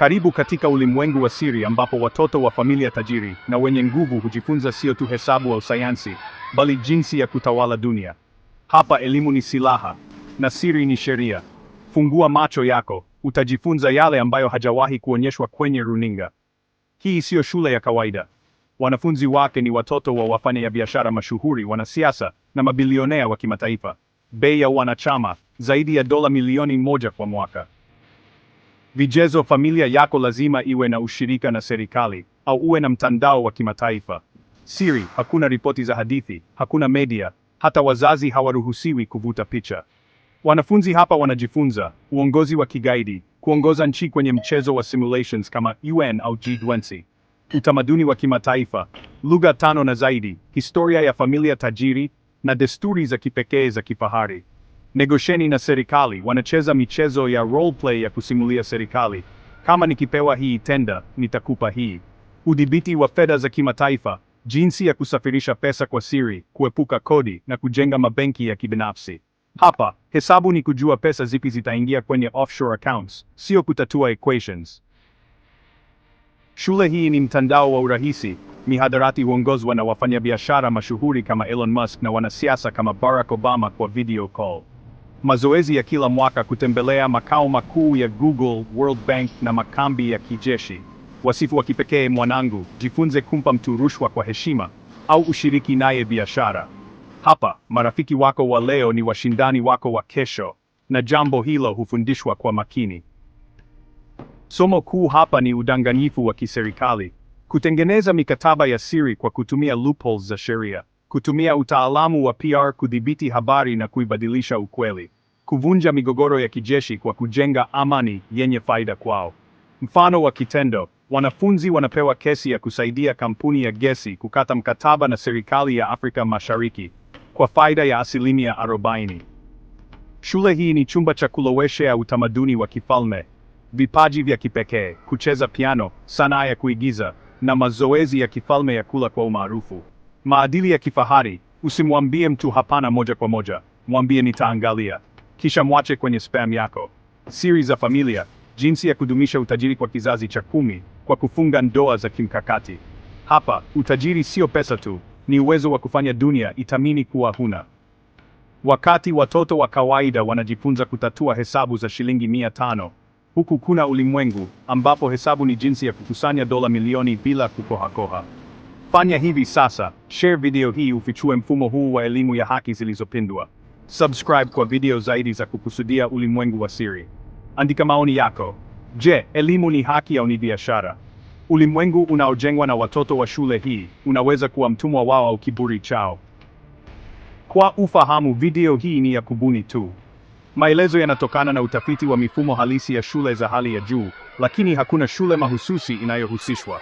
Karibu katika ulimwengu wa siri ambapo watoto wa familia tajiri na wenye nguvu hujifunza sio tu hesabu au sayansi, bali jinsi ya kutawala dunia. Hapa elimu ni silaha na siri ni sheria. Fungua macho yako, utajifunza yale ambayo hajawahi kuonyeshwa kwenye runinga. Hii siyo shule ya kawaida. Wanafunzi wake ni watoto wa wafanya biashara mashuhuri, wanasiasa na mabilionea wa kimataifa. Bei ya wanachama zaidi ya dola milioni moja kwa mwaka. Vigezo: familia yako lazima iwe na ushirika na serikali au uwe na mtandao wa kimataifa. Siri: hakuna ripoti za hadithi, hakuna media, hata wazazi hawaruhusiwi kuvuta picha. Wanafunzi hapa wanajifunza uongozi wa kigaidi, kuongoza nchi kwenye mchezo wa simulations kama UN au G20. Utamaduni wa kimataifa, lugha tano na zaidi, historia ya familia tajiri na desturi za kipekee za kifahari. Negosheni na serikali, wanacheza michezo ya role play ya kusimulia serikali. Kama nikipewa hii tenda, nitakupa hii. Udhibiti wa fedha za kimataifa, jinsi ya kusafirisha pesa kwa siri, kuepuka kodi na kujenga mabenki ya kibinafsi. Hapa, hesabu ni kujua pesa zipi zitaingia kwenye offshore accounts, sio kutatua equations. Shule hii ni mtandao wa urahisi. Mihadarati huongozwa na wafanyabiashara mashuhuri kama Elon Musk na wanasiasa kama Barack Obama kwa video call mazoezi ya kila mwaka kutembelea makao makuu ya Google, World Bank na makambi ya kijeshi. Wasifu wa kipekee mwanangu, jifunze kumpa mtu rushwa kwa heshima au ushiriki naye biashara. Hapa marafiki wako wa leo ni washindani wako wa kesho, na jambo hilo hufundishwa kwa makini. Somo kuu hapa ni udanganyifu wa kiserikali, kutengeneza mikataba ya siri kwa kutumia loopholes za sheria kutumia utaalamu wa PR kudhibiti habari na kuibadilisha ukweli, kuvunja migogoro ya kijeshi kwa kujenga amani yenye faida kwao. Mfano wa kitendo, wanafunzi wanapewa kesi ya kusaidia kampuni ya gesi kukata mkataba na serikali ya Afrika Mashariki kwa faida ya asilimia arobaini. Shule hii ni chumba cha kuloweshea utamaduni wa kifalme, vipaji vya kipekee, kucheza piano, sanaa ya kuigiza na mazoezi ya kifalme ya kula kwa umaarufu. Maadili ya kifahari, usimwambie mtu hapana moja kwa moja, mwambie nitaangalia, kisha mwache kwenye spam yako. Siri za familia, jinsi ya kudumisha utajiri kwa kizazi cha kumi kwa kufunga ndoa za kimkakati. Hapa utajiri sio pesa tu, ni uwezo wa kufanya dunia itamini kuwa huna. Wakati watoto wa kawaida wanajifunza kutatua hesabu za shilingi mia tano, huku kuna ulimwengu ambapo hesabu ni jinsi ya kukusanya dola milioni bila kukohakoha. Fanya hivi sasa, share video hii ufichue mfumo huu wa elimu ya haki zilizopindwa. Subscribe kwa video zaidi za kukusudia ulimwengu wa siri. Andika maoni yako. Je, elimu ni haki au ni biashara? Ulimwengu unaojengwa na watoto wa shule hii unaweza kuwa mtumwa wao au kiburi chao. Kwa ufahamu, video hii ni ya kubuni tu. Maelezo yanatokana na utafiti wa mifumo halisi ya shule za hali ya juu, lakini hakuna shule mahususi inayohusishwa.